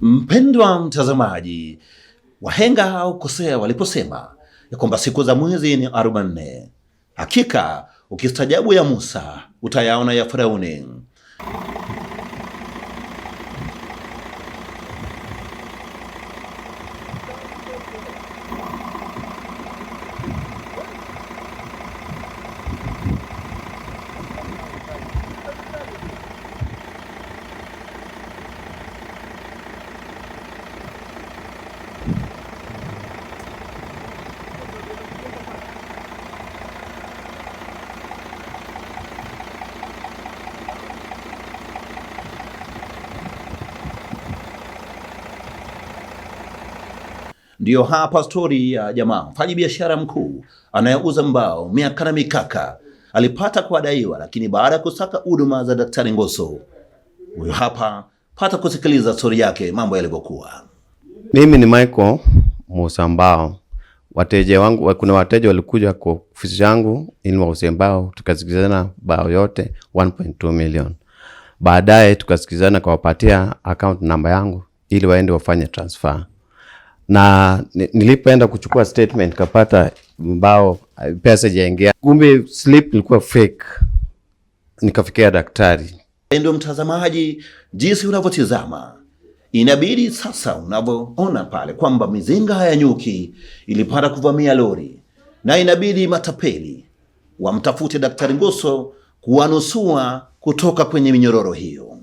Mpendwa mtazamaji, wahenga kosea waliposema ya kwamba siku za mwezi ni 44. Hakika ukistajabu ya Musa utayaona ya Firauni. Ndiyo hapa stori ya jamaa mfanyi biashara mkuu anayeuza mbao, miaka na mikaka alipata kuadaiwa, lakini baada ya kusaka huduma za Daktari Ngoso, huyo hapa, pata kusikiliza stori yake, mambo yalivyokuwa. Mimi ni Michael muuza mbao. Wateja wangu, kuna wateja walikuja kwa ofisi yangu ili wauze mbao, tukasikizana bao yote 1.2 million. Baadaye tukasikizana kawapatia account namba yangu ili waende wafanye transfer na nilipoenda kuchukua statement kapata mbao eh, pesa jaingia, kumbe slip ilikuwa fake. Nikafikia daktari. Ndio mtazamaji, jinsi unavyotizama inabidi sasa, unavyoona pale kwamba mizinga ya nyuki ilipata kuvamia lori, na inabidi matapeli wamtafute Daktari Nguso kuwanusua kutoka kwenye minyororo hiyo.